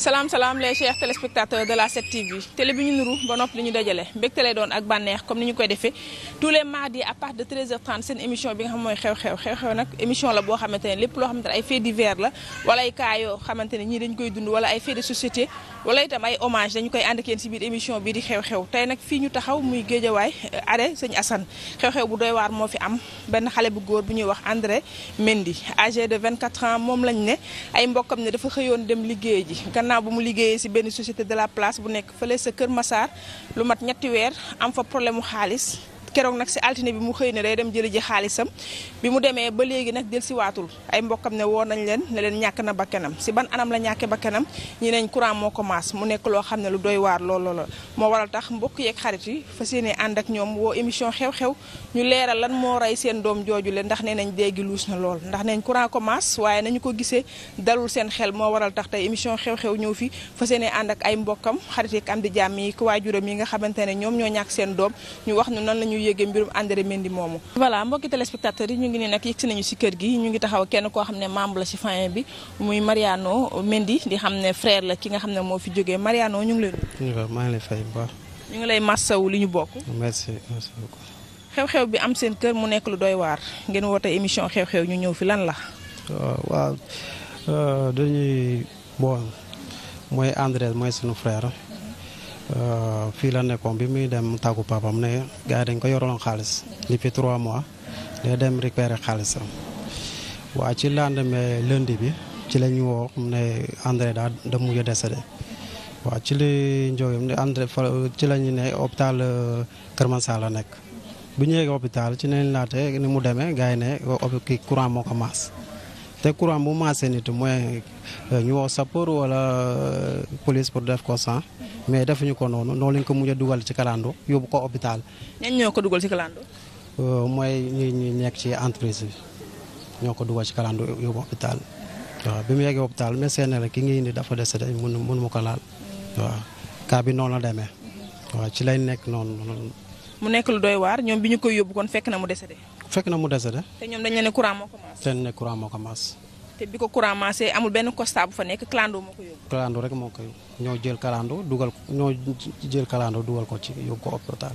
salaam salaam les chers téléspectateurs de la 7TV télé bi ñu nuru ba noppi li ñu dajale mbégte lay doon ak bànneex comme ni ñu koy defee tous les mardis à partir de 13h30 seen émission bi nga xam mooy xew-xew nag émission la boo xamante ne lépp loo xamante ne ay faits divers la wala ay cas xamante ne ñii dañ koy dund wala ay faits de société wala itam ay hommage dañu koy ànd ak yéen ci biir émission bii di xew-xew tey nag fii ñu taxaw muy géejawaay are sëñ Assane xew bu doy waar moo fi am benn xale bu góor bu ñuy wax André Mendy âgé de 24 ans moom lañ ne ay mbokkam ne dafa xëyoon dem liggéey ji gannaaw bu mu liggéeyee si benn société de la place bu nekk fële sa Kër Massar lu mat ñetti weer am fa problème mu xaalis keroog nag si altine bi mu xëy ne day dem jëli ji xaalisam bi mu demee ba léegi nag del si waatul ay mbokkam ne woon nañ leen ne leen ñàkk na bakkanam si ban anam la ñàkke bakkanam ñi neñ moo ko mu nekk loo xam ne lu doy waar lool lool moo waral tax mbokk yeeg xarit yi fas yéene ànd ñoom woo émission xew-xew ñu leeral lan moo rey seen doom jooju leen ndax nañ déggi luus lool ndax neñ courant ko maas waaye nañu ko gisee dalul seen xel moo waral tax tey émission xew-xew ñëw fi fas yéene ànd ak ay mbokkam xarit am di jàmm yi ko waajuram yi nga xamante ne ñoom ñoo ñàkk seen doom ñu wax nu nan lañu yëgee mbirum André Mendy moomu voilà mbokki téléspectateurs yi ñu ngi ne nag yëgsi nañu si kër gi ñu ngi taxaw kenn koo xam ne membre la si famille bi muy Mariano Mendy di xam ne frère la ki nga xam ne moo fi jógee Mariano ñu ngi lay maa ngi lay fay bu ñu ngi lay massawu li ñu bokk xew-xew bi am seen kër mu nekk lu dooy waar ngeen woote émission xew-xew ñu ñëw fi lan la euh, waaw euh, dañuy bon sunu frère Euh, fii la nekkoon bi muy dem tàggu papam ne gars dañ ko yoraloon xaalis depuis trois mois day dem récupérer xaalisam waa ci lendemain lundi bi ci la ñu woo xam ne André daal da mujj décédé waaw ci li njóoyam ne André fa ci la ñu ne hôpital euh, Kër la nekk bu ñu yeggee hôpital ci nañ laate ni mu demee gars ne kii courant moo ko maas te courant bu maasee nit mooy euh, ñu woo sapeur wala euh, police pour def ko sans mais defuñu ko noonu noonu lañ ko mujj a dugal ci kalandoo yóbbu ko hôpital. ñan ñoo ko dugal ci kalandoo. Euh, mooy ñi ñi nekk ci entreprise bi ñoo ko dugal ci kalandoo yóbbu hôpital waaw bi mu yeggee hôpital mais seen rek ki ngi indi dafa décédé mënu mënu ma ko laal waaw cas bi noonu la demee waaw ci lay nekk noonu. mu nekk lu doy waar ñoom bi ñu koy yóbbu kon fekk na mu de fekk na mu dese de. te ñoom dañ ne ne courant moo ko maas. dañ ne courant moo ko maas. te bi ko courant maasee amul benn constat bu fa nekk clando moo ko yóbbu. clando rek moo ko ñoo jël clando dugal ko ñoo jël clando dugal ko ci yóbbu ko hôpital.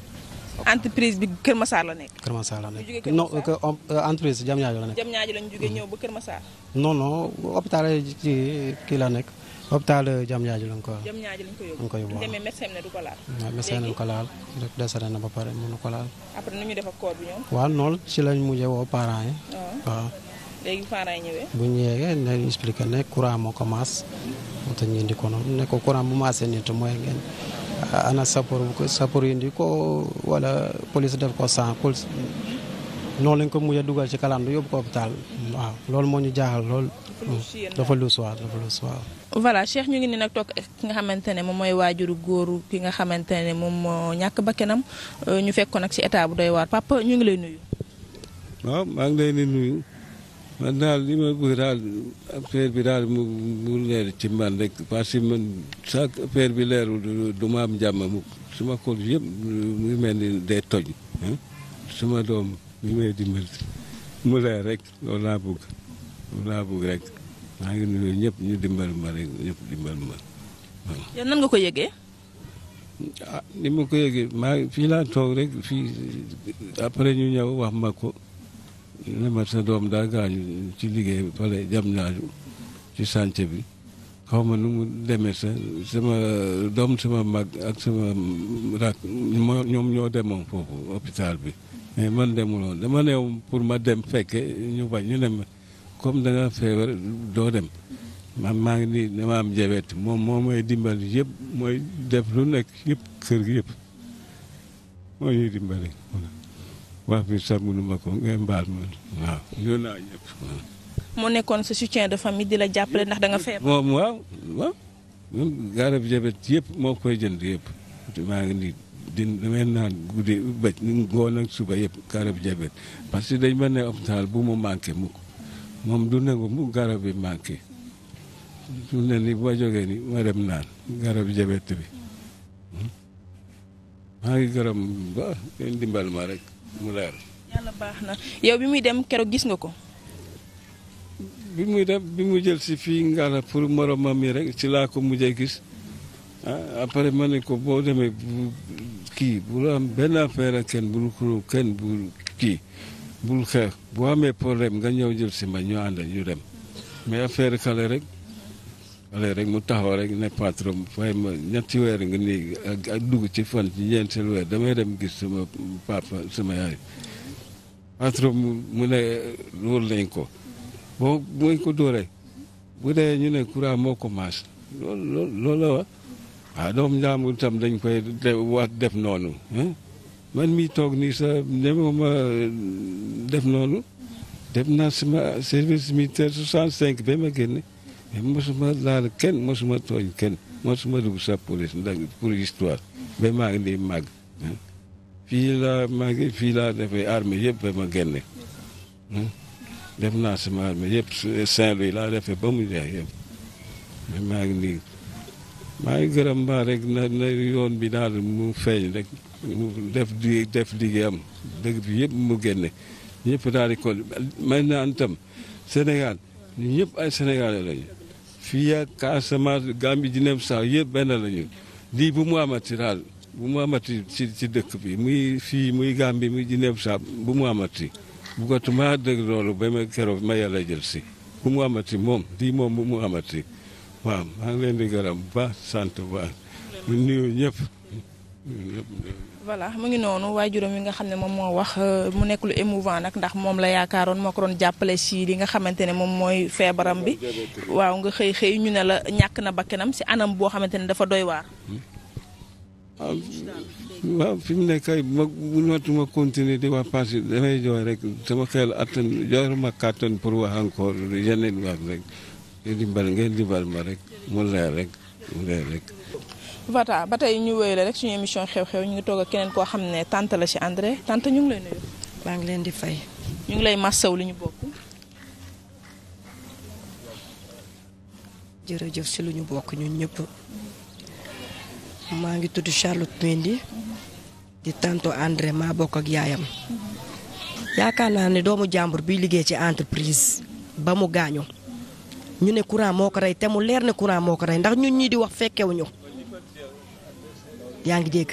entreprise bi Kër Massar la nekk. Kër Massar la nekk non euh, entreprise Diamniadio la nekk. Diamniadio lañ jugee ñëw ba Kër Massar. non non hôpital ci kii la nekk. hôpital euh, Diamniadio lañ ko Diamniadio lañ ko yóbbu lañ ne du laal waaw médecin nañ laal rek desare na ba pare mënu ko laal après nu ñu lañ mujjee woo parents yi waaw léegi bu ñu ne expliqué ne courant moo ko maas moo tax ñu indi ko noonu ne ko courant bu maasee nit mooy ngeen ah, ana sapeur sapeur indi ko wala police def ko sans noonu lañ ko mujj a dugal ci kalaan du yóbbu ko hôpital waaw loolu moo ñu jaaxal lool. dafa lu soir dafa voilà Cheikh ñu ngi ni nag toog ki nga xamante ne moom mooy waajuru góor ki nga xamante ne moom moo ñàkk bakkanam euh, ñu fekk ko nag ci état bu doy waar papa ñu ngi lay nuyu. waaw maa ngi lay nuyu man daal li ma bëgg daal affaire bi daal mu mu leer ci man rek parce que man chaque affaire bi leerul du ma am jàmm mu suma ko yëpp mu mel ni day toj suma doom. li may dimbali mu leer rek loolu laa bëgg loolu laa bëgg rek maa ngi nuyu ñëpp ñu dimbal ma rek ñëpp dimbal ma waaw. yow nan nga ko yége ah, ni ma ko yëgee maa fii laa toog rek fii après ñu ñëw wax ma ko ne ma sa doom daa ci liggéey bi fële jam ñaaju ci chantier bi xaw ma nu mu demee sa sama doom sama mag ak sama rak ñoom ñoo demoon foofu hôpital bi. mais man demuloon dama neew pour ma dem fekke ñu bañ ñu dem comme da nga doo dem man maa ngi nii dama am jabet moom moo mooy dimbali yëpp mooy def lu nekk yëpp kër gi yëpp moo ñuy dimbali wax bi sax mënuma ko ngeen mbaal ma waaw ñu naa ñëpp mu nekkoon sa soutien de famille di la jàppale ndax danga nga feebar moom waaw waaw garab jabet yëpp moo koy jënd yëpp maa ngi nii din damay naan guddi ba ngoon ak suba yëpp garab jabet parce dañ ma ne hôpital bu mu manqué mukk moom du nangu mu garab bi manqué du ne ni ba jógee ni ma dem naan garab jabet bi hmm? maa ngi garab ba dimbal ma rek mu leer. yow bi muy dem keroog gis nga ko. bi muy dem bi mu jël si fii ngala pour moromam mi rek ci laa ko mujjee gis. ah après ma ne ko boo demee bu kii bul am benn affaire ak kenn bu xuloo kenn bul kii bu xeex bu amee problème nga ñëw jël si ma ñu ànd ñu dem mais affaire xale rek xale rek mu taxaw rek ne patron fay ma ñetti weer nga nii ak dugg ci fan ci ñeenteel weer damay dem gis sama papa sama yaay patron mu ne wóor lañ ko boo mooy ko dóoree bu dee ñu ne courant moo ko maas loolu la wax waaw ah, doomu njaambur itam dañ koy wax def noonu man mi toog nii sa nemoma euh, def noonu def naa sama service militaire 65 be ma génne mais mosuma laal kenn mosuma tooñ kenn mosuma dugg sa police ndax pour histoire ba maa ngi nii màgg fii laa maa ngi fii laa defee armée yëpp ba ma génne def naa ma armée yëpp Saint-Louis laa defee ba mu jeex yëpp mais maa ngi maa ngi gërëm mbaa rek na yoon bi daal mu feeñ rek mu def di def liggéeyam dëgg bi yëpp mu génne ñëpp daal di ko may naan tam Sénégal ñëpp ay Sénégalais lañu fii ya Casamance Gambie Guinée Bissau yëpp benn lañu di bu mu amati daal bu mu amati ci ci dëkk bi muy fii muy Gambie muy Guinée Bissau bu mu amati bu ko tumaa dëgg loolu ba ma keroog ma yàlla jël si bu mu amati moom lii moom bu mu amati. waaw maa leen di gërëm bu sant bu baax ñu nuyu mu ngi noonu waaye juróom yi nga xam ne moom moo wax euh, mu nekk lu émouvant nag ndax moom la yaakaaroon moo ko doon jàppale si li nga xamante ne moom mooy feebaram bi waaw nga xëy xëy ñu ne la ñàkk na bakkanam si anam boo xamante ne dafa doy waar. waaw fi mu nekk ay ma mënatuma continuer di wax parce que damay jooy rek sama xel attan jooyuma kàttan pour wax encore yeneen wax rek. dimbal ngeen dimbal ma rek mu leer rek mu leer rek. Vata ba tey ñu wéyale rek suñu émission xew-xew ñu ngi toog ak keneen koo xam ne tante la ci André tante ñu ngi lay nuyu. maa ngi leen di fay. ñu ngi lay massaw lu ñu bokk. si lu ñu bokk ñëpp maa ngi tudd Charlotte Mendy di tanto André maa bokk ak yaayam yaakaar naa ne doomu jàmbur biy liggéey ci entreprise ba mu gaañu ñu ne courant moo ko rey te mu leer ne courant moo ko rey ndax ñu ñii di wax fekkewuñu yaa ngi dégg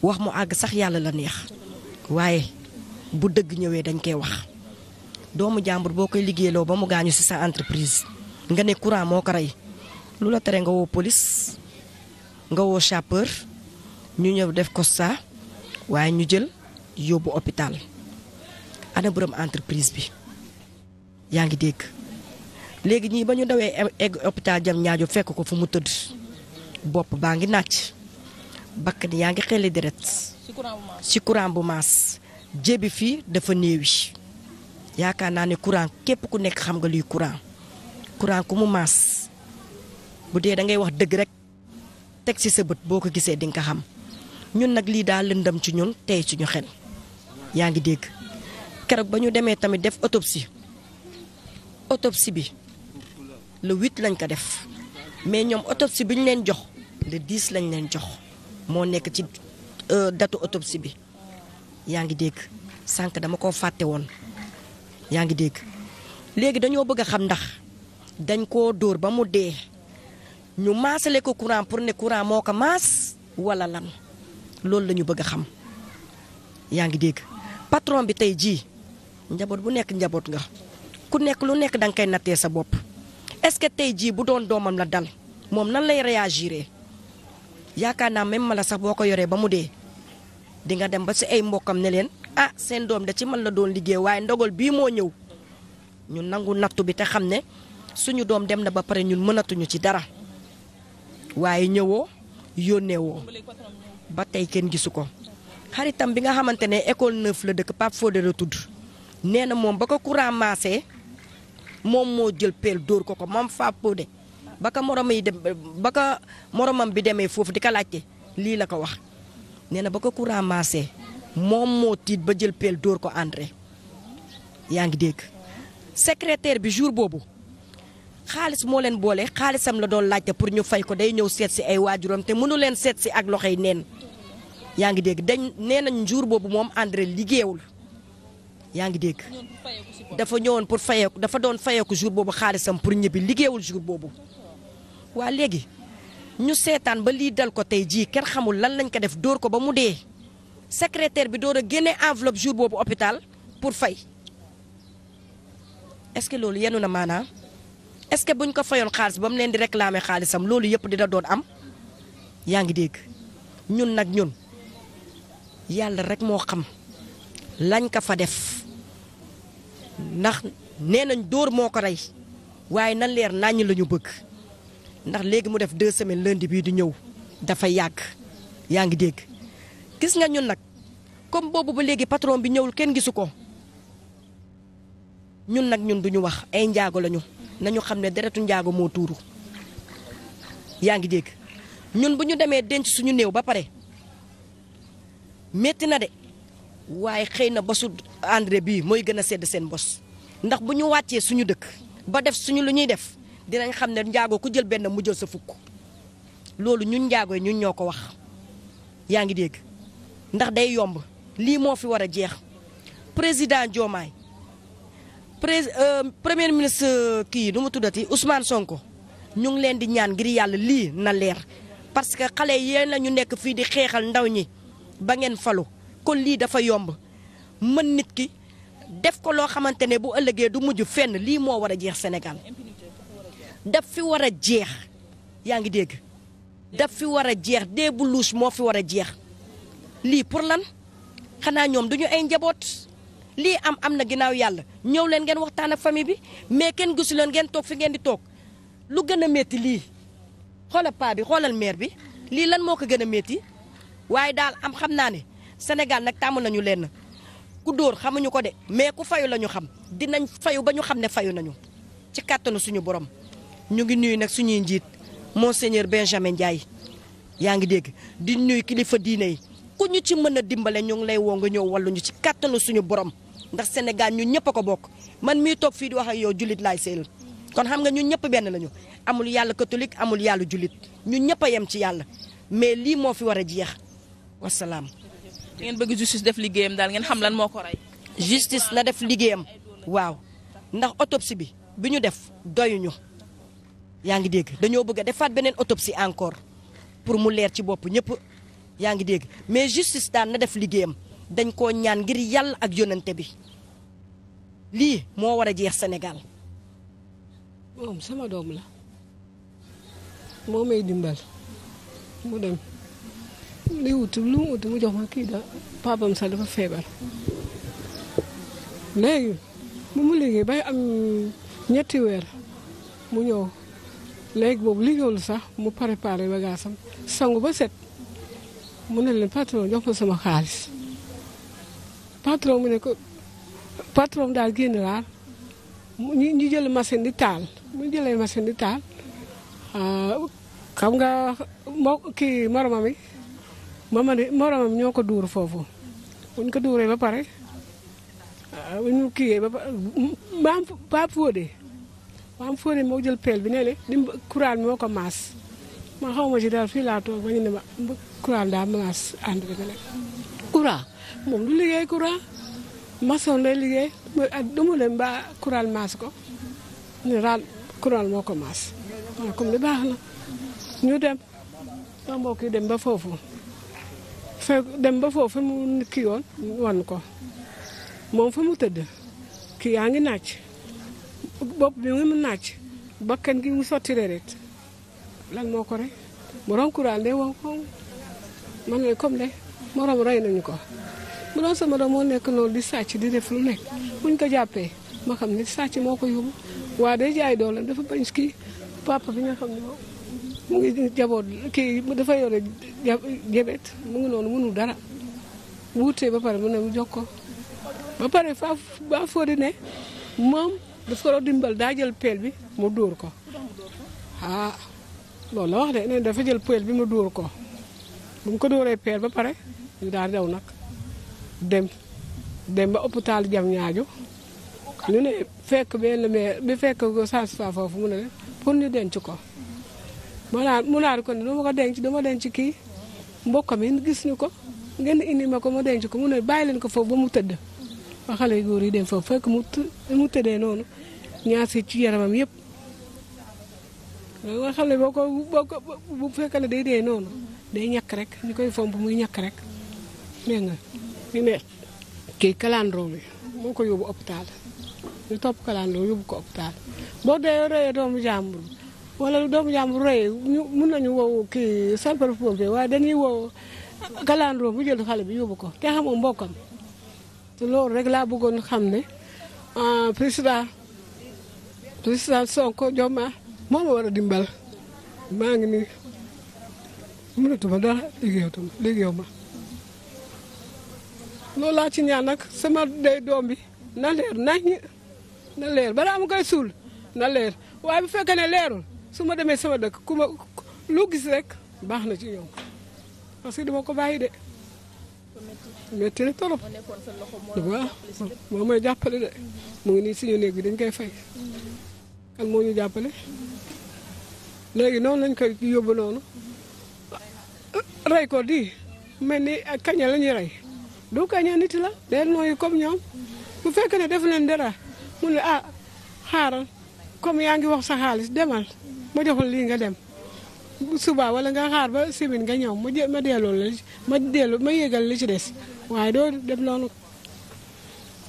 wax mu àgg sax yàlla la neex waaye bu dëgg ñëwee dañ koy wax doomu jàmbur boo koy liggéeyloo ba mu gaañu si sa entreprise nga ne courant moo ko rey lu la tere nga woo police nga woo sapeur ñu ñëw def constat waaye ñu jël yóbbu hôpital ana borom entreprise bi yaa ngi dégg léegi ñii ba ñu dawee e-, egg hôpital jam ñaajo fekk ko fu mu tëdd bopp baa ngi nàcc bakkan yaa ngi xelli deret ci courant bu maas jébi fii dafa néew yi yaakaar naa ne courant képp ku nekk xam nga luy courant courant ku mu maas bu dee da ngay wax dëgg rek teg ci sa bët boo ko gisee dinga nga xam ñun nag lii daal lëndam ci ñun tey ci ñu xel yaa ngi dégg keroog ba ñu demee tamit def autopsie autopsie bi le 8 lañ ko def mais ñoom autopsie bi ñu leen jox le 10 lañ leen jox moo nekk ci euh, datu autopsie bi yaa ngi dégg sànq dama ko fàtte woon yaa ngi dégg léegi dañoo bëgg a xam ndax dañ ko dóor ba mu dee ñu maasale ko courant pour ne courant moo ko maas wala lan loolu lañu bëgg a xam yaa ngi dégg patron bi tey jii njaboot bu nekk njaboot nga ku nekk lu nekk danga koy nattee sa bopp est-ce que tey jii bu doon doomam la dal moom nan lay réagir yaakaar naa même mala sax boo ko yoree ba mu dee di nga dem ba si ay mbokkam ne leen ah seen doom da ci man la doon liggéey waaye ndogal bii moo ñëw ñu nangu nattu bi te xam ne suñu doom dem na ba pare ñun mënatuñu ci dara waaye ñëwoo yónnee woo ba tey kenn gisu ko. xaritam bi nga xamante ne école neuf la dëkk Pape de la tudd nee na moom ba ko courant maasee moom moo jël peel dóor ko ko moom Fapal de ba ka morom yi dem ba moromam bi demee foofu di ko laajte lii la ko wax nee na ba ko ku ramassé moom moo tiit ba jël peel dóor ko André yaa ngi dégg. secrétaire bi jour boobu xaalis moo leen boole xaalisam la doon laajte pour ñu fay ko day ñëw seet si ay waajuram te mënu leen seet si ak loxo loxoy neen yaa ngi dégg da nee nañ jour boobu moom André liggéeyul. yaa ngi dégg dafa ñëwoon pour fayeeku dafa doon fayeeku jour boobu xaalisam pour ñibbi liggéeyul jour boobu waa léegi ñu seetaan ba lii dal ko tey jii kenn xamul lan lañ ko def dóor ko ba mu dee secrétaire bi door a génne enveloppe jour boobu hôpital pour fay est-ce que loolu yenu na maanaa est-ce que buñ ko fayoon xaalis ba mu leen di réclamer xaalisam loolu yëpp dina doon am yaa ngi dégg ñun nag ñun yàlla rek moo xam lañ ko fa def ndax nee nañ dóor moo ko rey waaye nan leer naññ la ñu bëgg ndax léegi mu def deux semaines lundi bii di ñëw dafa yàgg yaa ngi dégg gis nga ñun nag comme boobu ba léegi patron bi ñëwul kenn gisu ko ñun nag ñun duñu wax ay njaago lañu nañu xam ne deretu njaago moo tuuru yaa ngi dégg ñun bu ñu demee denc suñu néew ba pare metti na de waaye xëy na bosu engrais bii mooy gën a sedd seen bos ndax bu ñu wàccee suñu dëkk ba def suñu lu ñuy def dinañ xam ne njaago ku jël benn mu jël sa fukk loolu ñun njaago yi ñun ñoo ko wax yaa ngi dégg ndax day yomb lii moo fi war a jeex président Diomaye pré euh, premier ministre kii nu mu tuddati Ousmane Sonko ñu ngi leen di ñaan ngir yàlla lii na leer parce que xale yéen la ñu nekk fii di xeexal ndaw ñi ba ngeen falu kon lii dafa yomb mën nit ki def ko loo xamante ne bu ëllëgee du mujj fenn lii moo war a jeex Sénégal daf fi war a jeex yaa ngi dégg daf fi war a jeex dee bu louche moo fi war a jeex lii pour lan xanaa ñoom duñu ay njaboot lii am am na ginnaaw yàlla ñëw leen ngeen waxtaan ak famille bi mais kenn gisu leen ngeen toog fi ngeen di toog lu gën a metti lii xoolal paa bi xoolal maire bi lii lan moo ko gën a métti waaye daal am xam naa ne Sénégal nag tàmm nañu leen ku dóor xamuñu ko de mais ku fayu la ñu xam dinañ fayu ba ñu xam ne fayu nañu ci kàttanu suñu borom ñu ngi nuyu nag suñuy njiit monseigneur Benjamin Ndiaye yaa ngi dégg di nuyu kilifa diine yi ku ñu ci mën a dimbale ñu ngi lay woo nga ñëw walluñu ci kattanu suñu borom ndax Sénégal ñun ñëpp ko bokk man mii toog fii di wax ak yow jullit laay seel kon xam nga ñu ñëpp benn lañu amul yàlla katolik amul yàlla julit ñun ñëpp a yem ci yàlla mais lii moo fi war a jeex wasalaam. ngeen bëgg justice def liggéeyam daal ngeen xam lan moo ko rey. justice na def liggéeyam waaw ndax autopsie bi bi ñu def doyuñu yaa ngi dégg dañoo bëgg a defaat beneen autopsie encore pour mu leer ci bopp ñépp yaa ngi dégg mais justice daal na def liggéeyam dañ koo ñaan ngir yàlla ak yonante bi lii moo war a jeex senegal moom sama doom la moo may dimbal mu dem. day wut lu mu mu jox kii da papam sax dafa feebar léegi bu mu liggéey bay am ñetti weer mu ñëw léegi boobu liggéeyul sax mu préparé bagaasam sangu ba set mu ne leen patron jox ma sama xaalis patron mu ne ko patron daal génn laal ñu ñu jël machine di taal mu jëlee machine di taal ah, xam nga moo kii moromam mamadi moromam ñoo ko duur foofu buñ ko duuree ba pare waaw ah, ñu kiiyee ba maam Pape Fodé maam Fodé moo jël peel bi nee ne dim kuraan moo ko maas ma xaw ma ci dara fii laa toog ba ñu ne ma kuraan daa maas ànd bi nag kuraan moom du liggéey kuraan maçon lay liggéey dama leen ba kuraan maas ko ne raal moo ko maas waaw comme li baax na ñu dem ma mbokk yi dem ba foofu fe dem ba foofu mu kii woon wan ko moom fu mu tëdd kii yaa ngi naaj bopp bi mu naaj bakkan gi mu sotti deret lan moo ko rey morom kuraan de wow ko man la comme de morom rey nañu ko bu doon sama doom moo nekk loolu di sàcc di def lu nekk buñ ko jàppee ma xam ne sàcc moo ko yóbbu waa day jaay doole dafa bañ kii papa bi nga xam ne mu ngi jaboot kii dafa yore jabet mu ngi noonu mënul dara bu wutee ba pare mu ne mu jox ko ba pare faa ba foodi ne moom daf dimbal daa jël peel bi mu dóor ko ah, loolu la wax ne dafa jël peel bi mu dóor ko bu mu ko dóoree peel ba pare ñu daw nag dem dem ba hôpital jam ñaajo ñu ne fekk benn mais bi fekk ko sage-femme foofu mu ne pour ñu denc ko ma naa mu naa ko ne dama ko denc dama denc kii mbokk mi gis ñu ko ngeen indi ma ko ma denc ko mu ne bàyyi leen ko foofu ba mu tëdd ba xale yu góor yi dem foofu fekk mu tëddee noonu ñaas yi ci yaramam yëpp nga xam ne boo ko boo ko bu fekkee ne day dee noonu day ñàkk rek ñu koy fomp muy ñàkk rek dégg nga ñu ne kii kalandoo bi moo ko yóbbu hôpital ñu topp ko hôpital boo dee rëyee wala doomu jàmbur rey ñu mun nañu woo kii sapeur-pompier waaye dañuy woo galandoo mu jël xale bi yóbbu ko te xamoo mbokkam te loolu rek laa bëggoon xam ne ah, président président Sonko Diomaye moo ma war dimbal maa ngi nii mënatuma dara liggéeyatuma liggéeyaw ma loolu laa ci ñaan nag sama day doom bi na leer nañ na leer balaa mu koy suul na leer waaye bu fekkee ne leerul su ma demee sama dëkk ku ma loo gis rek baax na ci yow parce que dama ko bàyyi de. metti na torop waaw moo may jàppale de mu ngi nii si néeg bi dañ koy fay kan moo ñu jàppale léegi noonu lañ koy yóbbu noonu rey ko di mel ni kaña la ñuy rey du kaña nit la day nooyu comme ñoom bu fekkee ne def leen dara mu ne ah xaaral comme yaa ngi wax sa xaalis demal ma deful lii nga dem suba wala nga xaar ba semaine nga ñëw ma jël ma delloo la ma delloo ma yégal la ci des waaye doo def loolu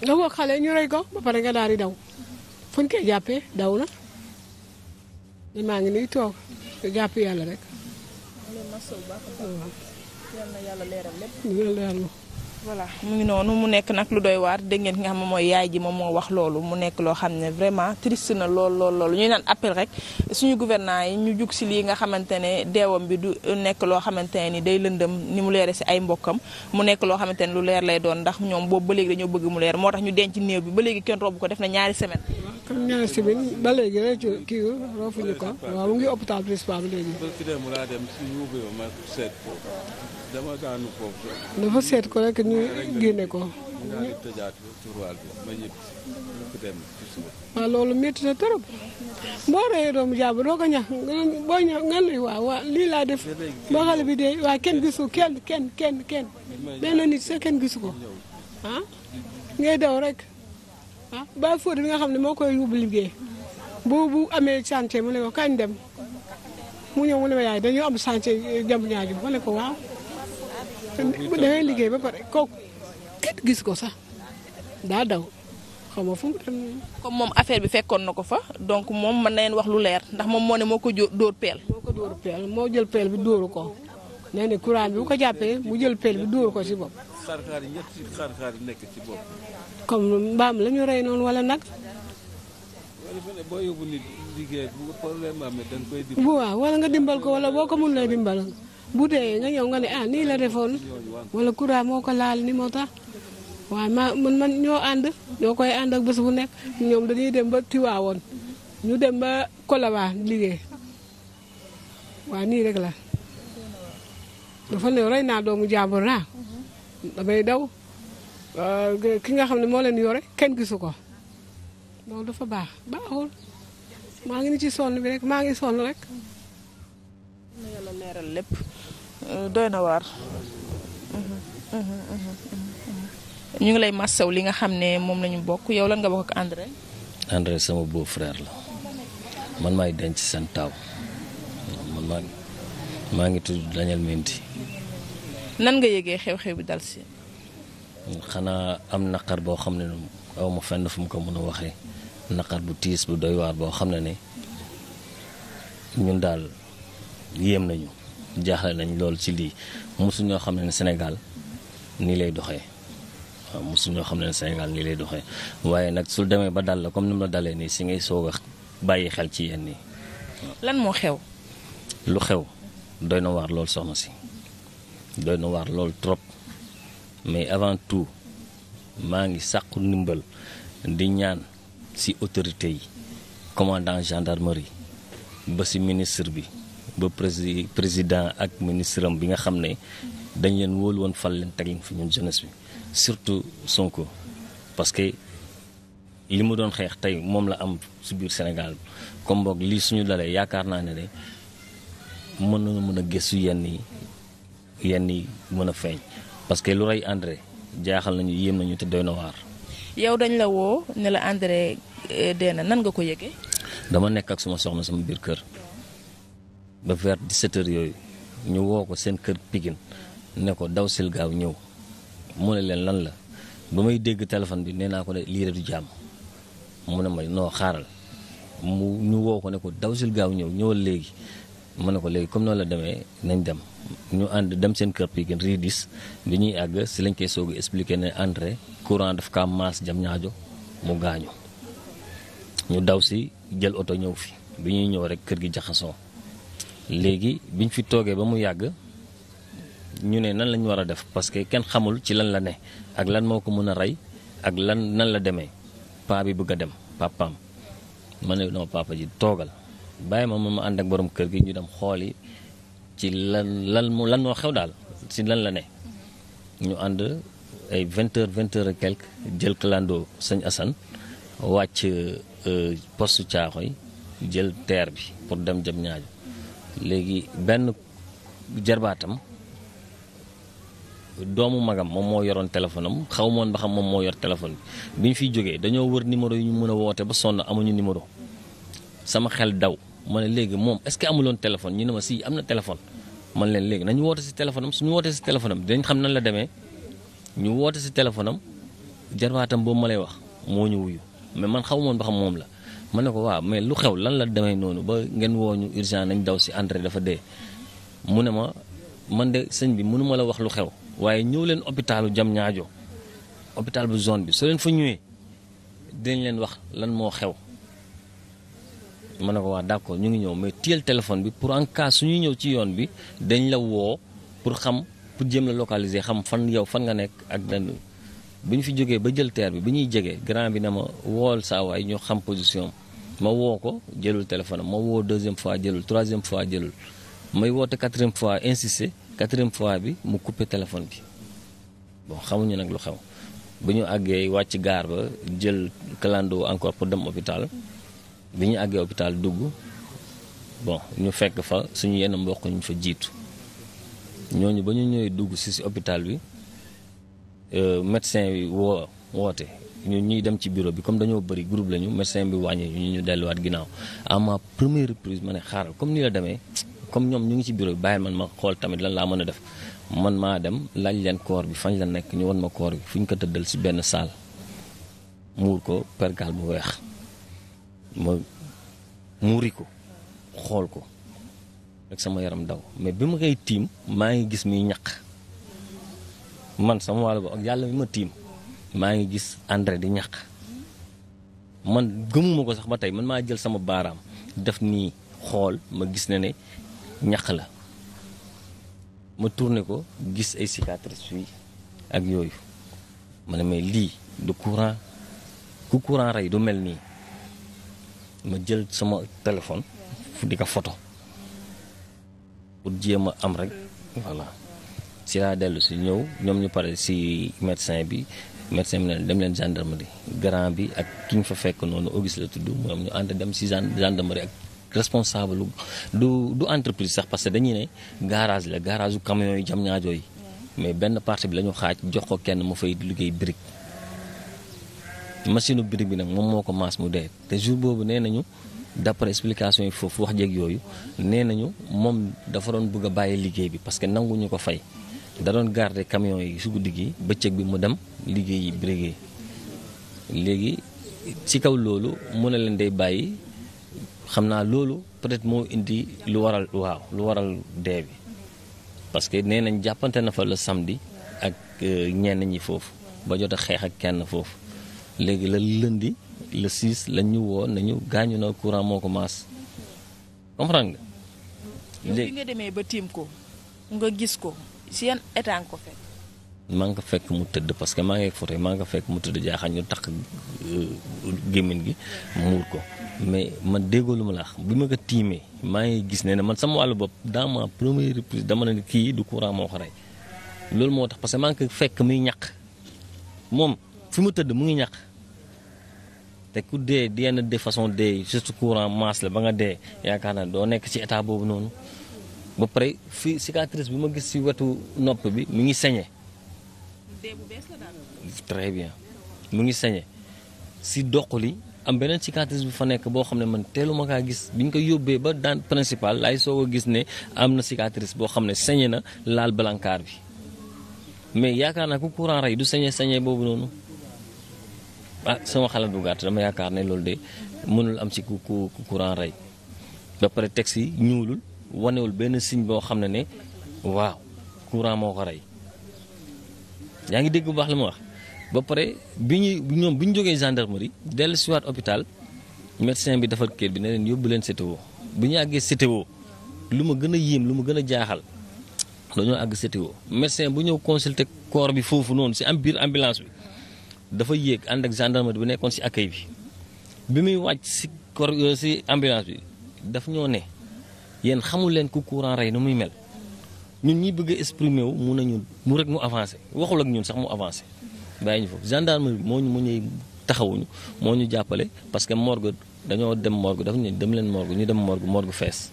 nga woo xale ñu rey ko ba pare nga daal di daw fuñ koy jàppee daw na ni maa ngi nii toog jàpp yàlla rek. yàlla na yàlla leeral lépp. voilà mu ngi noonu mu nekk nag lu doy waat dégg ngeen ki nga xam ne mooy yaay ji moom moo wax loolu mu nekk loo xam ne vraiment triste na lool lool loolu ñuy naan appel rek suñu gouvernement yi ñu jug si lii nga xamante ne deewam bi du nekk loo xamante ne ni day lëndam ni mu leere si ay mbokkam mu nekk loo xamante ne lu leer lay doon ndax ñoom boobu ba léegi dañoo bëgg mu leer moo tax ñu denc néew bi ba léegi kenn robu ko def na ñaari semaine kon ñaari ba léegi rek kii roofuñu ko dama daanu foofu. dafa seet ko rek ñu génne ko. waaw ah, loolu métti na trop boo reyee doomu jàmbur doo ko ñax boo ñax nga lay waaw waaw lii laa def ba xale bi dee waaw kenn gisu kenn kenn kenn kenn benn nit sax kenn gisu ko ah ngay daw rek ah ba fóot bi nga xam ne moo koy yóbbu liggéey bu bu amee chantier mu ne ko kañ dem mu ñëw mu ne ma yaay dañoo am chantier eh, jam ñaaju ma ne ko waaw bu liggéey ba pare kooku kenn gis ko sax daa daw xaw fu mu dem comme moom affaire bi fekkoon na ko fa donc moom mën na leen wax lu leer ndax moom moo ne moo ko jó dóor peel. moo ko dóor moo jël peel bi dóoru ko nee ne courant ko jàppee mu jël peel bi dóoru ko si bopp. xar-xar yi ñetti mbaam la rey noonu wala nag. boo liggéey bu problème amee dañ koy dimbal. waaw wala nga dimbal ko wala boo ko mun lay dimbal. bu dee nga ñëw nga ne ah nii la defoon wala courant moo ko laal ni moo tax waaye ma man man ñoo ànd ñoo koy ànd ak bés bu nekk ñoom dañuy dem ba Tiwaawoon ñu dem ba Kolaba liggéey waaw nii rek la dafa ne rey naa doomu jàmbur naa damay daw ki nga xam ne moo leen yore kenn gisu ko loolu dafa baax baaxul maa ngi ni ci sonn bi rek maa ngi sonn rek leeral lépp euh, doy na waar. ñu ngi lay massaw li nga xam ne moom la ñu bokk yow lan nga bokk ak André. André sama beau frère la man maay denc seen taaw man maa ngi tudd Daniel Mendy. nan nga yëgee xew-xew bi dal si. xanaa am naqar boo xam ne aw ma fenn fu mu ko mën a waxee naqar bu tiis bu doy waar boo xam ne ne ñun daal yéem nañu. jaaxle nañ lool si lii mosu ñoo xam ne Sénégal nii lay doxee waaw mosu ñoo xam ne Sénégal nii lay doxee waaye nag su demee ba dal la comme ni mu la dalee nii si ngay soog bàyyi xel ci yenn yi. lan moo xew. lu xew doy na waar lool soxna si doy na waar lool trop mais avant tout maa ngi sàqu ndimbal di ñaan si autorité yi commandant gendarmerie ba si ministre bi. ba prési président ak ministre bi nga xam ne dañ leen wóolu woon fal leen teg leen fi ñun jeunesse bi surtout Sonko parce que li mu doon xeex tey moom la am su biir Sénégal comme boog lii suñu dalee yaakaar naa ne ne mën na mën a gëstu yenn yi yenn yi mën a feeñ parce que lu rey André jaaxal nañu yéem nañu te doy na waar. yow dañ la woo ne la André euh, dee na nan nga ko yëgee. dama nekk ak suma soxna sama biir kër. ba vers 17 heures yooyu ñu woo ko seen kër Pikine ne ko daw sil gaaw ñëw mu ne leen lan la ba may dégg téléphone bi nee naa ko de lii du jàmm mu ne ma noo xaaral mu ñu woo ko ne ko daw sil gaaw ñëw ñëwal léegi mu ne ko léegi comme noonu la demee nañ dem ñu ànd dem seen kër Pikine rii bi ñuy àgg si lañ koy soog a expliqué ne entrée courant daf kaa maas jam ñaajo mu gaañu ñu daw si jël oto ñëw fi bi ñuy ñëw rek kër gi jaxasoo léegi biñ fi toogee ba mu yàgg ñu ne nan lañ war a def parce que kenn xamul ci lan la ne ak lan moo ko mën a rey ak lan nan la demee paa bi bëgg a dem papaam ma ne non papa ji toogal bàyyi ma ma ànd ak borom kër gi ñu dem xooli ci lan lan lan moo xew daal si lan la ne ñu ànd ay vingt heures vingt heures jël clando sëñ Assane wàcc euh, poste yi jël teer bi pour dem jëm ñaaju léegi benn jarbaatam doomu magam moom moo yoroon téléphone xaw moon ba xam moom moo yor téléphone bi bi ñu fiy jógee dañoo wër numéro yi ñu mën a woote ba sonn amuñu numéro sama xel daw ma ne léegi moom est-ce que amuloon téléphone ñu ne ma si am na téléphone man leen léegi nañu woote si téléphone su suñu wootee si téléphone am dinañ xam nan la demee ñu woote si téléphone am jarbaatam boobu ma lay wax moo ñu wuyu mais man xaw moon ba moom la ma ne ko waaw mais lu xew lan la demee noonu ba ngeen woo ñu urgent nañ daw si André dafa dee mu ne ma man de sëñ bi mënuma la wax lu xew waaye ñëw leen hôpitalu Diamniadio hôpital bu zone bi soo leen fa ñëwee dinañ leen wax lan moo xew ma ne ko waa d'accord ñu ngi ñëw mais téyel téléphone bi pour en cas suñuy ñëw ci yoon bi dañ la woo pour xam pour jéem la localiser xam fan yow fan nga nekk ak dan bi ñu fi jógee ba jël teer bi bi ñuy jege grand bi na ma wool saa waay ñoo xam position ma woo ko jëlul téléphone ma woo deuxième fois jëlul troisième fois jëlul may woote quatrième fois insisté quatrième fois bi mu coupé téléphone bi bon xamuñu nag lu xew bu ñu àggee wàcc gaar ba jël clando encore pour dem hôpital bi ñu àggee opital dugg bon ñu fekk fa suñu yenn mbokk ñu fa jiitu ñooñu ba ñu ñëwee dugg si si hôpital bi euh, médecin bi woo woote ñu ñuy dem ci bureau bi comme dañoo bëri groupe lañu médecin bi wàññi ñu ñu delluwaat ginnaaw à ma première reprise ma ne xaaral comme ni la demee comme ñoom ñu ngi ci bureau bi bàyyil ma xool tamit lan laa mën a def man maa dem laaj leen corps bi fañ la nekk ñu won ma corps bi fu ñu ko tëddal si benn saal muur ko pergal bu weex ma muuri ko xool ko rek sama yaram daw mais bi ma koy tiim maa ngi gis muy ñaq man sama wàll ba ak yàlla mi ma tiim maa ngi gis André di ñax man gëmuma ko sax ma tey man maa jël sama baaraam def nii xool ma gis na ne ñaq la ma tourné ko gis ay cicatrices fii ak yooyu ma ne mais lii du courant ku courant rey du mel nii ma jël sama téléphone di ko photo pour jéem a am rek voilà si laa dellu si ñëw ñoom ñu pare si médecin bi médecin bi ne dem leen gendarmerie grand bi ak ki ñu fa fekk noonu Auguste la tudd moom ñu ànd dem si gendarmerie ak responsable du du entreprise sax parce que dañuy ne garage la garage u camion yi jam ñaajo yi mais benn partie bi la ñu xaaj jox ko kenn mu fay liggéey brique machine brique bi nag moom moo ko maas mu dee te jour boobu nee nañu d'après explication yi foofu wax jeg yooyu nee nañu moom dafa doon bëgg bàyyi liggéey bi parce que ñu ko fay da doon garder camion yi su guddi gi bëccëg bi mu dem liggéey yi brigé léegi ci kaw loolu mu ne leen day bàyyi xam naa loolu peut-être moo indi lu waral waaw lu waral dee bi parce que nee nañ jàppante na fa la samedi ak euh, ñenn ñi foofu ba jot a xeex ak kenn foofu léegi la lundi le 6 lañ ñu woo nañu gaañu na courant moo ko maas comprendre nga. léegi nga demee ba tiim ko nga gis ko. si yan état nga ko fekk. maa ngi ko fekk mu tëdd parce que maa ngi foto maa ngi ko fekk mu tëdd jaaxal ñu tax euh, gémmiñ gi muur ko mais man déggoo lu ma la bi ma ko tiimee maa ngi gis ne ne man sama wàllu bopp dans ma première reprise dama ne kii du courant moo ko rey loolu moo tax parce que maa ngi ko fekk muy ñaq moom fi mu tëdd mu ngi ñaq te ku dee di yenn de façon dee surtout courant masse la ba nga dee yaakaar naa doo nekk ci état boobu noonu. ba pare fii cicatrice bi ma gis ci wetu nopp bi mu ngi sañe très bien mu ngi sañe si doq li am beneen cicatrice bi fa nekk boo xam ne man teelu ma kaa gis bi ñu ko yóbbee ba daan principal laay soog a gis ne am na cicatrice boo xam ne sañe na laal balankaar bi mais yaakaar naa ku courant rey du sañe sañe boobu noonu ah sama xalaat bu gàtt dama yaakaar ne loolu de mënul am si ku ku courant rey ba pare teg ci ñuulul wanewul benn signe boo xam ne ne waaw courant moo ko rey yaa ngi dégg bu baax li ma wax. ba pare bi ñuy ñoom bi ñu jógee gendarmerie dellu siwaat hôpital médecin bi defar kër bi ne leen yóbbu leen CTO bu ñu àggee CTO lu ma gën a yéem lu ma gën a jaaxal dañoo àgg CTO médecin bu ñëw consulter corps bi foofu noonu si am biir ambulance bi dafa yéeg ànd ak gendarmerie bi nekkoon si accueil bi bi muy wàcc si corps euh, si ambulance bi daf ñoo ne. yéen xamul leen ku courant rey nu muy mel ñun ñi bëgg a exprimer wu mun nañu mu rek mu avancé waxul ak ñun sax mu avancé bàyyi ñu foofu gendarme bi moo ñu mu ñuy taxawuñu moo ñu jàppale parce que morgue dañoo dem morgue dafa ñu dem leen morgue ñu dem morgue morgue fees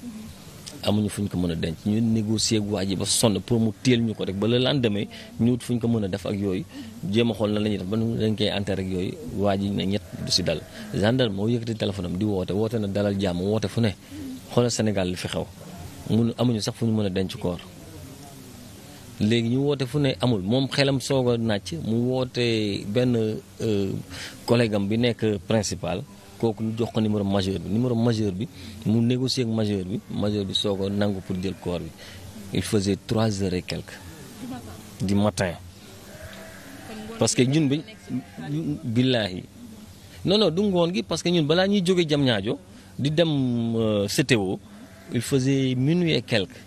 amuñu fu ñu ko mën a denc ñu négocier ak waa ji ba sonn pour mu teel ñu ko rek ba le lendemain ñu wut fu ñu ko mën a def ak yooyu jéem a xool na la ñuy def ba nu dañ koy enterré ak yooyu waa ji ne ñett du si dal gendarme moo yëkkati téléphone am di woote woote na dalal jàmm woote fu ne xoolal Sénégal li fi xew mun amuñu sax fu ñu mën a denc koor léegi ñu woote fu ne amul moom xelam soog a nàcc mu woote benn euh, collègue am bi nekk principal kooku ñu jox ko numéro majeur bi numéro majeur bi mu négocier ak majeur bi majeur bi soog a nangu pour jël koor bi il faisait trois heures et quelques du matin parce que ñun bi billaahi non du ngoon gi parce que ñun balaa ñuy jóge jam ñaajo di dem euh, CTO il faisait minuit et quelques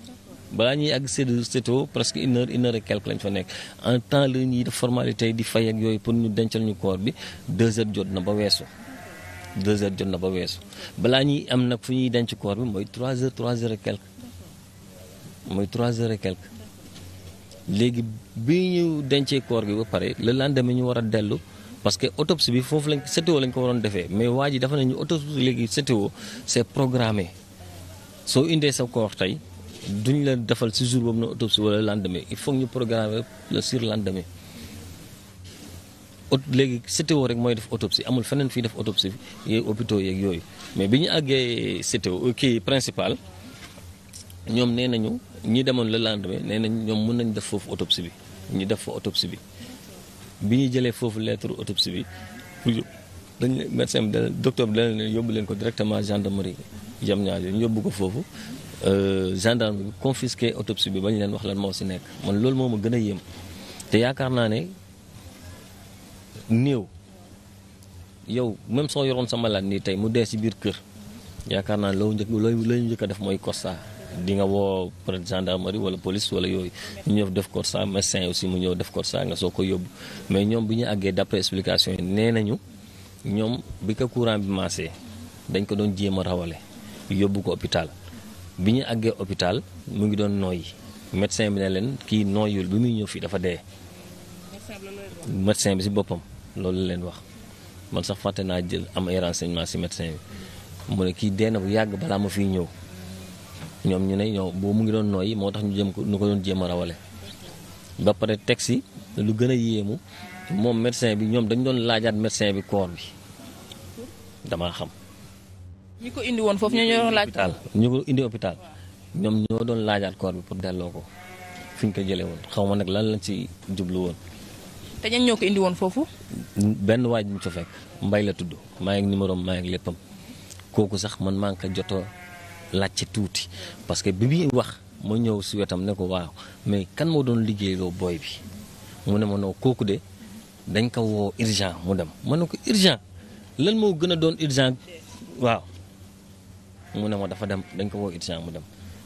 balaa ñuy àgg CTO presque une heure une heure et quelque lañ fa nekk en temps la ñuy def formalité di fay ak yooyu pour ñu dencal ñu koor bi deux heures jot na ba weesu. deux heures jot na ba weesu balaa ñuy am nag fu ñuy denc koor bi mooy trois heures trois heures quelque mooy trois heures quelque léegi bi ñu dencee koor bi ba pare le lendemain ñu war a dellu. parce que autopsie bi foofu lañ CTO lañ ko waroon defee mais waa ji dafa ne ñu autopsie léegi CTO c'est programmé soo indee sa corps tey duñ la defal si jour boobu na autopsie wala lendemain il faut ñu programmer le sur lendemain ot léegi CTO rek mooy def autopsie amul feneen fii def autopsie yeeg yeeg yooyu mais bi ñu àggee CTO euh, kii principal ñoom nee nañu ñi demoon le lendemain nee nañ ñoom mun nañ def foofu autopsie bi ñu def fa autopsie bi bi ñu jëlee foofu lettre autopsie bi pour dañ médecin bi dana docteur bi dana leen yóbbu leen ko directement gendarmerie jam ñaar ñu yóbbu ko foofu euh, gendarme bi confisqué autopsie bi ba leen wax lan moo si nekk man loolu moo ma gën a yëm te yaakaar naa ne néew yow même soo yoroon sama malaat nii tey mu dee si biir kër yaakaar naa loolu njëkk looy njëkk def mooy constat di nga woo peut être gendarmerie wala police wala yooyu ñu ñëw def constat médecin aussi mu ñëw def constat nga soo ko yóbbu mais ñoom bi ñu àggee d' après explication yi nee nañu ñoom bi ko courant bi maasee dañ ko doon jéem a rawale yóbbu ko hôpital bi ñu àggee hôpital mu ngi doon nooyi médecin bi ne leen kii nooyul bi muy ñëw fii dafa dee. médecin bi si boppam loolu leen wax man sax fàtte naa jël am ay renseignement si médecin bi mu ne kii dee na bu yàgg balaa ma fiy ñëw. ñoom ñu ne ñoo boobu mu ngi doon nooy moo tax ñu jëm ko ñu ko doon jéem a rawale ba pare teg si lu gën a yéemu moom médecin bi ñoom dañu doon laajaat médecin bi corps bi damaa xam. ñi ko indi woon foofu ñoo ñoo doon ñu ko indi ñoom ñoo doon laajaat corps bi pour delloo ko fi ñu ko jëlee woon xaw ma nag lan lañ ci jublu woon. te ñan ñoo ko indi woon foofu. benn waaj bu ñu fekk mbay la tudd maa ngi numéro maa ngi léppam kooku sax man maa ngi ko jotoo laajte tuuti parce que bi muy wax ma ñëw si wetam ne ko waaw mais kan moo doon liggéeyloo booy bi mu ne ma noo kooku de dañ ko woo urgent mu dem ma ne ko urgent lan moo gën a doon urgent waaw mu ne ma dafa dem dañ ko woo urgent mu dem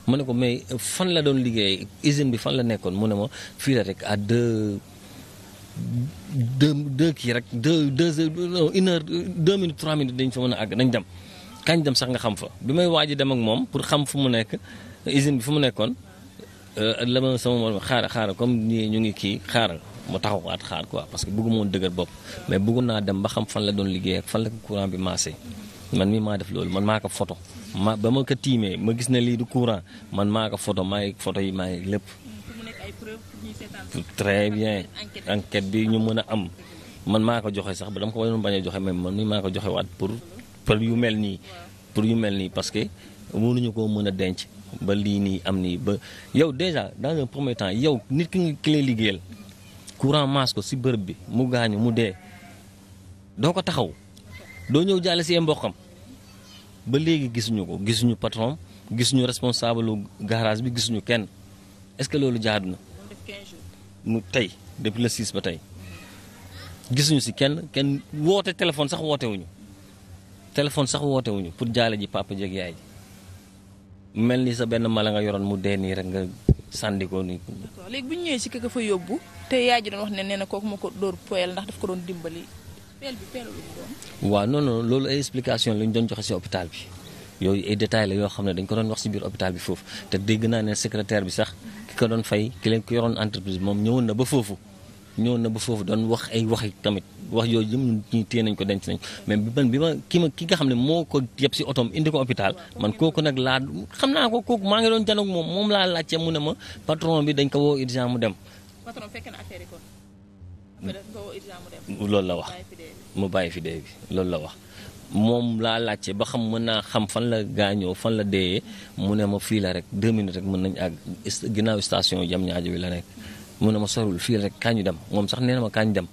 mu ne ko mais fan la doon liggéey usine bi fan la nekkoon mu ne ma fii la rek à deux deux deux kii rek deux deux une heure deux minutes trois minutes dañ fa mën a àgg nañ dem kañ dem sax nga xam fa bi may waaj dem ak moom pour xam fu mu nekk usine bi fu mu nekkoon euh, la ma sama moom xaaral xaaral comme ni ñu ngi kii xaaral mu taxawaat xaar quoi parce que bëggu moon dëgër bopp mais bëggu naa dem ba xam fan la doon liggéey ak fan la ko courant bi maasee man mii maa def loolu man maa ko photo ma ba ma ko tiimee ma gis ne lii du courant man maa ko photo maa photo yi maa ngi lépp très bien bi ñu mën a am man maa ko joxe sax ba dama ko waroon bañ a joxe mais man mii maa ko joxe waat pour pour yu mel nii pour yu mel nii parce que mënuñu koo mën a denc ba lii nii am nii ba yow déjà dans un premier temps yow nit ki nga ki lay liggéeyal courant masse ko si bërëb bi mu gaañu mu dee doo ko taxaw doo ñëw jàlle si mboqam ba léegi gisuñu ko gisuñu patron gisuñu responsable garage bi gisuñu kenn est-ce que loolu jaadu na mu tey depuis le 6 ba tey gisuñu si kenn kenn woote téléphone sax wootewuñu téléphone sax wootewuñu pour jaale ji papa jeeg yaay ji mel ni sa benn mala nga yoroon mu dee nii rek nga sànni ko nii. d'accord léegi bu ñu ñëwee si kii fa yóbbu te yaay ji doon wax ne nee na kooku ma ko dóor poyal ndax daf ko doon dimbali. peel bi waaw non loolu ay explication la doon joxe si hôpital bi yooyu ay la yoo xam ne dañ ko doon wax si biir hôpital bi foofu te dégg naa ne secrétaire bi sax ki ko doon fey ki leen ko yoroon entreprise moom ñëwoon na ba foofu. ñëw na ba foofu doon wax ay wax waxi tamit wax yooyu yëpp ñun téye nañ ko denc nañ mais bi man bi ma ki ma ki nga xam ne moo ko yeb si otoom indi ko hôpital man kooku nag laa xam naa ko kooku maa ngi doon janoog moom moom laa laajte mu ne ma patron bi dañ ko woo urgent mu dem. Mm. la wax bàyyi fi dee bi loolu la wax. moom laa laajte ba xam mën naa xam fan la gaañoo fan la dee mu ne ma fii la rek deux minutes rek mën nañ àgg ginnaaw station yam ñaajo wi la nekk mu ne ma sorul fii rek kañ ñu dem moom sax nee na ma dem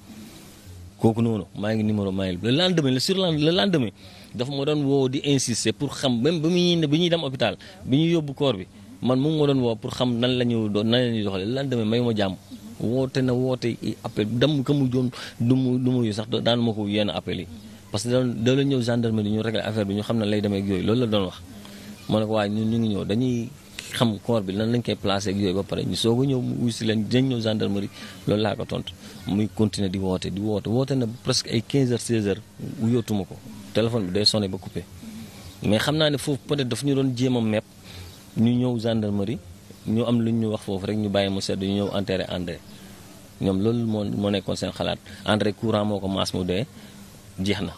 kooku noonu maa ngi numéro maa ngi le la le sur le lendemain dafa ma doon woo di insister pour xam même ba mu bi ñuy dem hôpital bi ñuy yóbbu corps bi man mu ngi ma doon woo pour xam nan la ñu nan la ñuy doxalee le ma jàmm woote na woote appel dem ka mu joon du mu du mu sax daan ma ko yenn appel yi. parce que doon doo la ñëw gendarmerie ñu réglé affaire bi ñu xam ne lay demee ak yooyu loolu la doon xam corps bi lan lañ koy placé yooyu ba pare ñu soog a ñëw mu si leen dinañ ñëw gendarmerie loolu laa ko tontu muy continuer di woote di woote woote na presque ay 15 heures 16 heures yootuma ko téléphone bi day sonné ba coupé mais xam naa ne foofu peut-être ñu doon jéem a ñu ñëw gendarmerie ñu am lu ñu wax foofu rek ñu bàyyi mu sedd ñu ñëw entere André ñoom loolu moo moo nekkoon seen xalaat André courant moo ko maas mu dee jeex na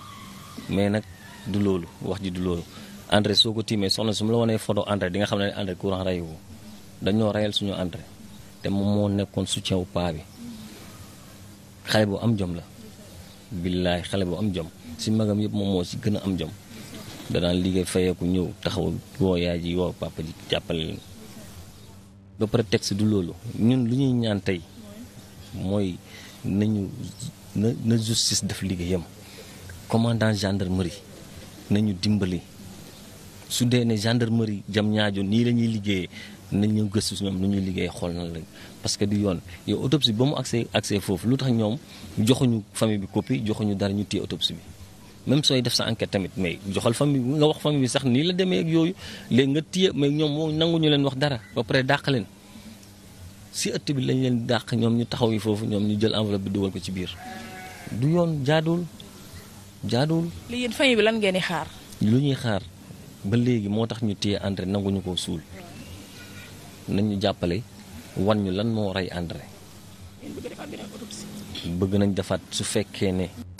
mais nag du loolu wax ji du loolu. engrais soo ko tiimee soxna su mu la wanee photo engrais di nga xam ne engrais courant reyu dañoo reyal suñu engrais te moom moo nekkoon su wu paa bi xale bu am jom la billaay xale boo am jom si magam yëpp moom moo si gën a am jom danaan liggéey fayeeku ñëw taxawul woo papa ji jàppale leen ba prétexte du loolu ñun lu ñuy ñaan tey mooy nañu na def liggéeyam commandant gendarmerie nañu dimbali su dee ne gendarmerie jam ñaajo nii la ñuy liggéeyee nañ ñu gëstu si ñoom nu ñuy liggéey xool na lañ parce que du yoon yow autopsie ba mu accès accès foofu lu tax ñoom joxuñu famille bi copie joxuñu dara ñu téye autopsie bi. même sooy def sa enquête tamit mais joxal famille bi nga wax famille bi sax nii la demee ak yooyu léegi nga téye mais ñoom moo nanguñu leen wax dara ba pare dàq leen si ëtt bi lañ leen dàq ñoom ñu taxaw yi foofu ñoom ñu jël enveloppe bi dugal ko ci biir du yoon jaaduwul jaaduwul. li yéen bi lan ngeen di xaar. lu ñuy xaar. ba léegi moo tax ñu téye André nanguñu ko suul nañ ñu jàppale wan ñu lan moo rey André bëgg nañ defaat su fekkee ne